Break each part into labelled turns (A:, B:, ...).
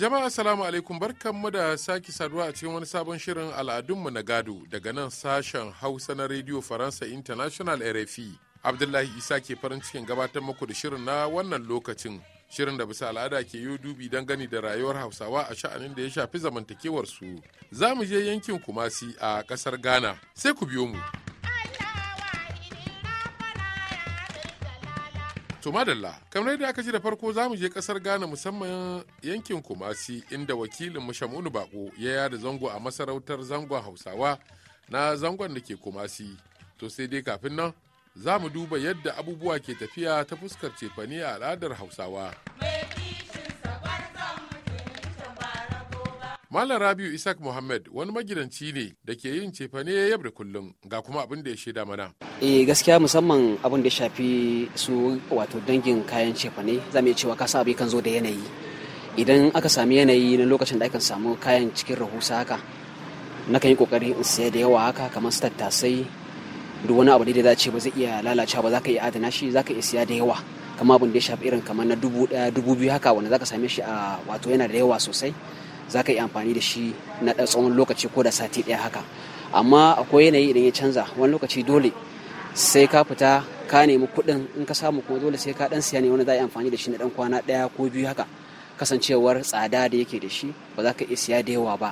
A: Jama'a salamu alaikum barkanmu da sake saduwa a cikin wani sabon shirin al'adunmu na gado daga nan sashen Hausa na Radio Faransa International RFI. Abdullahi Isa ke farin cikin gabatar muku da shirin na wannan lokacin. Shirin da bisa al'ada ke yi dubi don gani da rayuwar Hausawa a sha'anin da ya shafi zamantakewar su. Za mu je yankin Kumasi a ƙasar Ghana. Sai ku biyo mu. To madalla, kamar yadda aka ji da farko za mu je kasar Ghana musamman yankin Kumasi inda wakilin mu Shamunu Bako ya yada zango a masarautar zangon Hausawa na zangon da ke Kumasi. To sai dai kafin nan za mu duba yadda abubuwa ke tafiya ta fuskar cefane a al'adar Hausawa. Malam Rabiu Isaac Muhammad wani magidanci ne da ke yin cefane ya da kullum ga kuma abin da ya shaida mana.
B: Eh gaskiya musamman abin da ya shafi su wato dangin kayan cefane za mu iya cewa kasa abin kan zo da yanayi. Idan aka sami yanayi na lokacin da aka samu kayan cikin rahusa haka na kan yi kokari in saya da yawa haka kamar su tattasai duk wani abu da za ce ba zai iya lalacewa ba za ka iya adana shi za ka iya siya da yawa kamar abin da ya shafi irin kamar na dubu ɗaya dubu biyu haka wanda za ka same shi a wato yana da yawa sosai. za ka yi amfani da shi na tsawon lokaci ko da sati ɗaya haka amma akwai yanayi idan ya canza wani lokaci dole sai ka fita ka nemi kuɗin in ka samu kuma dole sai ka ɗan siya ne wani za a yi amfani da shi na ɗan kwana ɗaya ko biyu haka kasancewar tsada da yake da shi ba za ka iya siya da yawa ba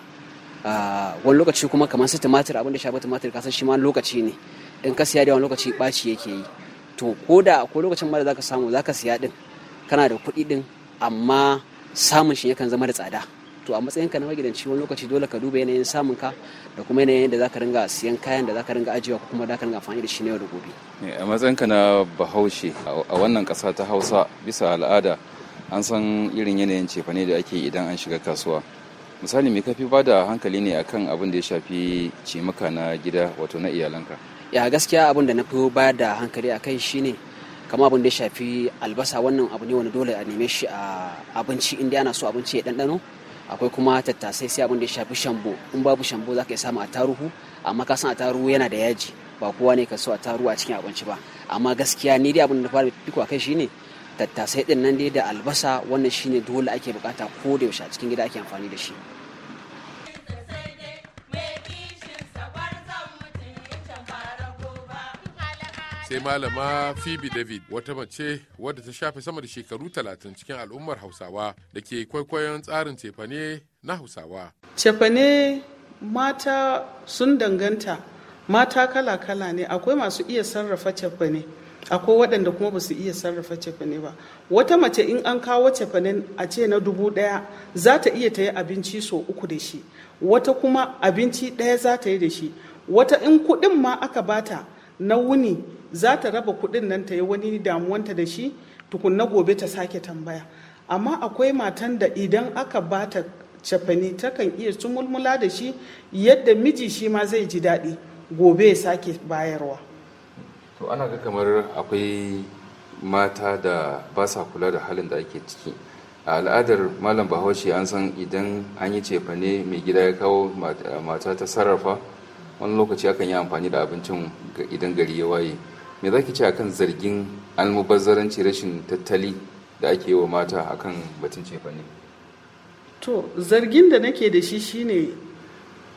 B: ah, wani lokaci kuma kamar su tumatir abin da shafi tumatir san shi ma lokaci ne in ka siya da yawan lokaci ɓaci yake yi to ko da ko lokacin ma da za ka samu za ka siya ɗin kana da kuɗi ɗin amma samun shi yakan zama da tsada to a matsayin ka na magidanci wani lokaci dole ka duba yanayin samun ka da kuma yanayin da zaka ringa siyan kayan da zaka ringa ajiyewa ko kuma zaka ringa amfani da shi na yau da gobe
C: eh, a matsayin ka na bahaushe a wannan ƙasa ta Hausa bisa al'ada an san irin yanayin cefane da ake idan an shiga kasuwa misali me kafi bada hankali ne akan abin da ya shafi cimuka na gida wato na iyalanka
B: ya gaskiya abin da na fi bayar da hankali kai shine kama abin da ya shafi albasa wannan abu ne wani dole a neme shi a abinci inda ana so abinci ya ɗanɗano akwai kuma tattasai sai abin da ya shafi shambo in babu shambo za ka samu samu taruhu amma ka san taruhu yana da yaji ba kowa ne ka so a taruhu a cikin abinci ba amma gaskiya ni dai abin da fara fiko kai shine tattasai din nan dai da albasa wannan shine dole ake bukata ko da yaushe a cikin gida ake amfani da shi sai malama
A: phoebe david wata mace wadda ta shafe sama da shekaru talatin cikin al'ummar hausawa da ke kwaikwayon tsarin cefane na hausawa
C: cefane mata sun danganta mata kala-kala ne akwai masu iya sarrafa cefane akwai waɗanda kuma ba su iya sarrafa cefane ba wata mace in an kawo cefane a ce na dubu ɗaya za ta iya ta yi abinci so uku da shi wata kuma abinci ɗaya za ta yi da shi wata in kuɗin ma aka bata na wuni za ta raba kuɗin nan ta yi wani damuwanta da shi tukunna gobe ta sake tambaya amma akwai matan da idan aka ba bata cafani takan iya tumulmula da shi yadda miji shi ma zai ji daɗi gobe ya sake bayarwa to ana ga kamar akwai mata da ba sa kula da halin da ake ciki a al'adar malam bahaushe an san idan an yi cefane mai gida ya kawo mata ta sarrafa wani lokaci akan yi amfani da abincin idan gari ya waye me za ki ce akan zargin almubazzaranci rashin tattali da ake wa mata akan batun cefane to zargin da nake da shi shine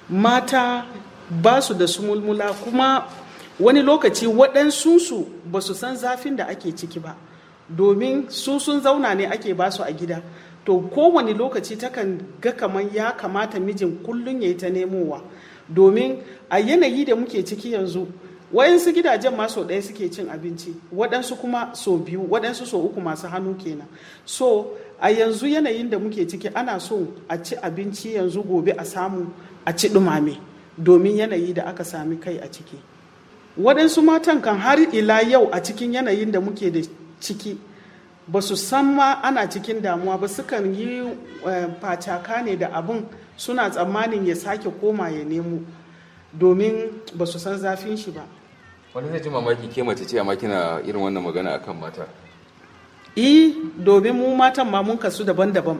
C: mata ba su da sumulmula kuma wani lokaci waɗansunsu ba su san zafin da ake ciki ba domin su sun zauna ne ake ba su a gida to kowane lokaci takan ga kamar ya kamata mijin kullum ya yi ta nemowa domin a yanayi da muke ciki yanzu waɗansu gidajen ma sau ɗaya suke cin abinci waɗansu kuma sau biyu waɗansu sau uku masu hannu kenan so a yanzu yanayin da muke ciki ana so a ci abinci yanzu gobe a samu a ci ɗumame domin yanayi da aka sami kai a ciki waɗansu matan kan har ila yau a cikin yanayin da muke da ciki ba su san ma ana cikin damuwa ba sukan yi eh, facaka ne da abin suna tsammanin ya sake koma ya nemo domin ba su san zafin shi ba wani zai ji mamaki ke mace ce amma kina irin wannan magana akan mata eh domin mu matan ma mun kasu daban-daban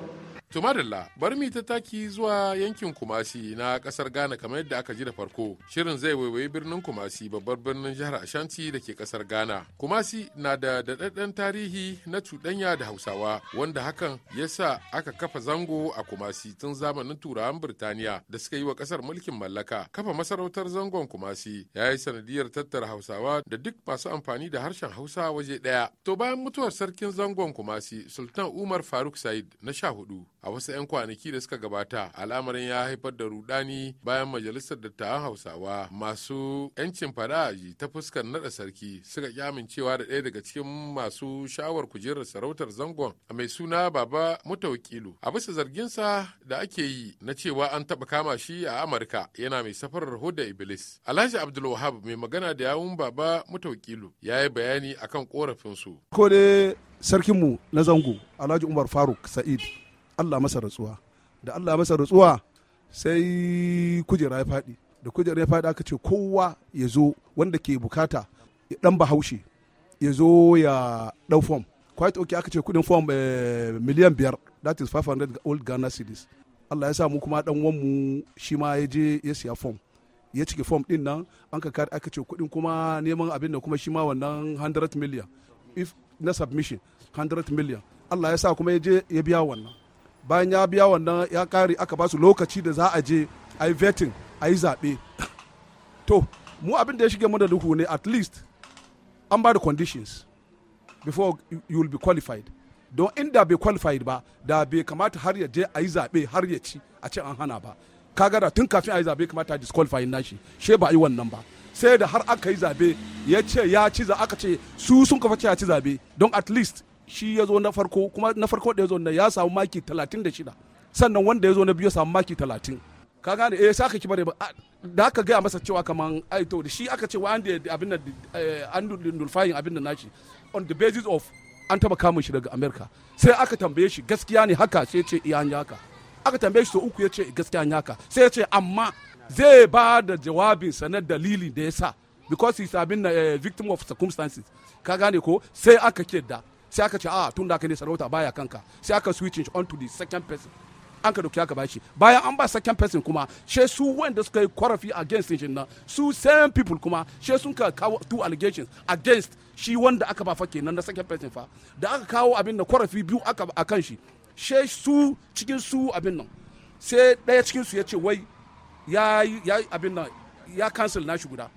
C: Tumadalla
A: bari mu ta taki zuwa yankin Kumasi na kasar Ghana kamar yadda aka ji da farko. Shirin zai waiwayi birnin Kumasi babbar birnin jihar Ashanti da ke kasar Ghana. Kumasi na da daɗaɗɗen tarihi na cuɗanya da Hausawa wanda hakan ya sa aka kafa zango a Kumasi tun zamanin Turawan Birtaniya da suka yi wa kasar mulkin mallaka. Kafa masarautar zangon Kumasi ya yi sanadiyar tattara Hausawa da duk masu amfani da harshen Hausa waje ɗaya. To bayan mutuwar sarkin zangon Kumasi Sultan Umar Faruk Said na sha hudu. a wasu 'yan kwanaki da suka gabata al'amarin ya haifar da rudani bayan majalisar dattawan hausawa masu 'yancin fada ta fuskar nada sarki suka kyamincewa da ɗaya daga cikin masu shawar kujerar sarautar zangon a mai suna baba mutawakilu a bisa zarginsa da ake yi na cewa an taɓa kama shi a amurka yana mai safarar huda iblis alhaji abdulwahab mai magana da yawun baba mutawakilu ya yi bayani akan korafinsu
D: ko dai sarkinmu na zango alhaji umar faruk sa'id allah masa rutsuwa da allah masa rutsuwa sai kujera ya faɗi da kujera ya faɗi aka ce kowa ya zo wanda ke bukata dan bahaushe ya zo ya ɗau fom quite okay aka ce kudin fom eh, miliyan biyar that is 500 old ghana cities allah ya sa mu kuma dan wanmu shi ma ya je ya siya fom ya cike fom din nan an ka kare aka ce kudin kuma neman abin da kuma shi ma wannan 100 million if na submission 100 million allah ya sa kuma ya je ya biya wannan bayan ya biya wannan ya kare aka ba su lokaci da za a je a yi vetin a yi zaɓe to mu abin da ya shige mu da duhu ne at least an ba da conditions before you will be qualified don inda bai qualified ba da bai kamata har ya je a yi zaɓe har ya ci a ce an hana ba ka da tun kafin a yi zaɓe kamata disqualify shi she ba a yi wannan ba sai da har aka yi zaɓe ya ce ya ci za aka ce su sun kafa ce ya ci zaɓe don at least shi ya zo na farko kuma na farko da ya zo na ya samu maki 36 sannan wanda ya zo na biyu ya samu maki 30 ka gane eh saka ki ba da aka gaya masa cewa kaman ai to shi aka ce wa an da abin da eh, an nulfayin abin da nashi on the basis of an taba kamun shi daga america sai aka tambaye shi gaskiya ne haka sai ce eh, iya haka aka tambaye shi to uku ya ce gaskiya ne haka sai ya ce amma zai ba da jawabinsa na dalili da ya sa because he's abin eh, victim of circumstances ka gane ko sai aka ce da sai aka ce a ah, tun da aka ne sarauta baya kanka sai aka switch on to the second person an ka dauki aka bashi bayan an ba second person kuma she su wanda suka yi kwarafi against shi nan su same people kuma she sun ka kawo two allegations against shi wanda aka ba fa kenan na second person fa da aka kawo abin da kwarafi biyu aka a kan shi she su cikin su abin nan sai daya cikin su ya ce wai ya yi abin nan ya cancel nashi guda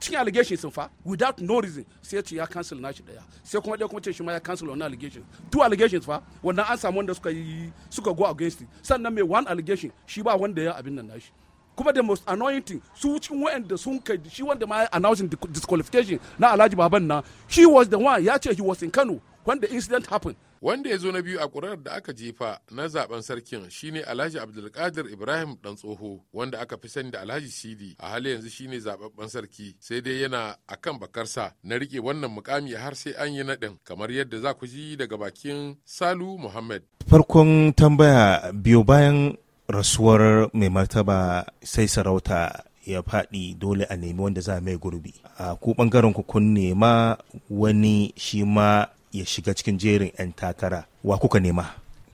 D: cikin allegation sun fa without no reason sai ce ya cancel nashi daya sai kuma dai kuma ce shi ma ya cancel wannan allegation two allegations fa wannan an samu wanda suka yi suka go against sannan mai one allegation shi ba wanda ya abin nan nashi kuma the most annoying thing su cikin da sun kai shi wanda ma announcing disqualification na Alhaji Baban na he was the one ya ce he was in Kano when the incident happened Wanda ya zo na biyu a ƙurar da aka jefa na
A: zaben sarkin shine Alhaji Abdulkadir Ibrahim dan tsoho wanda aka fi sani da Alhaji Sidi a hali yanzu shine zababben sarki sai dai yana akan bakarsa na rike wannan mukami har sai an yi naɗin kamar yadda za ku ji daga bakin Salu Muhammad.
C: Farkon tambaya biyo bayan rasuwar mai martaba sai sarauta ya faɗi dole a nemi wanda za a mai gurbi a ku ɓangaren ku kun nema wani shi ma ya shiga cikin jerin 'yan takara wa kuka nema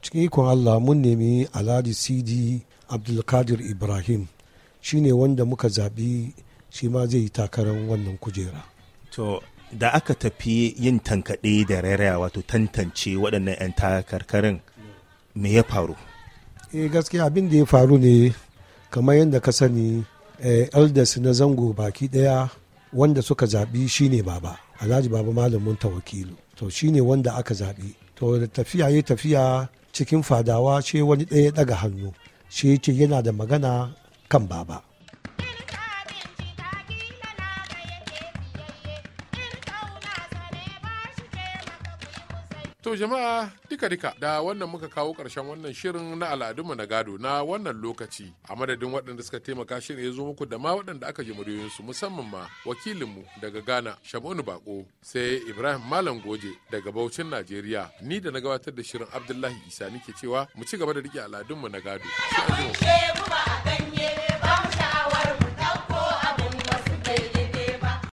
C: cikin ikon allah mun nemi alhaji sidi abdulkadir ibrahim shine wanda muka zaɓi shi ma zai yi takarar wannan kujera to da aka tafi yin tankaɗe da rairaya wato tantance waɗannan 'yan takarkarin me ya faru eh gaskiya abin da ya faru ne kamar yadda ka sani eh, elders na zango baki ɗaya wanda suka zaɓi shine baba alhaji baba malamin ta wakilu to shi ne wanda aka zaɓi, to da tafiya ya tafiya cikin fadawa ce wani ɗaya ɗaga hannu shi yake yana da magana kan baba
A: To jama'a dika dika da wannan muka kawo ƙarshen wannan shirin na al'adunmu na gado na wannan lokaci a madadin waɗanda suka taimaka shirin ya zo muku da ma waɗanda aka ji muryoyinsu musamman ma wakilinmu daga Ghana Shamunu Bako sai Ibrahim Malam Goje daga Bauchin Najeriya ni da na gabatar da shirin Abdullahi Isa nike cewa mu ci gaba da riƙe al'adunmu na gado.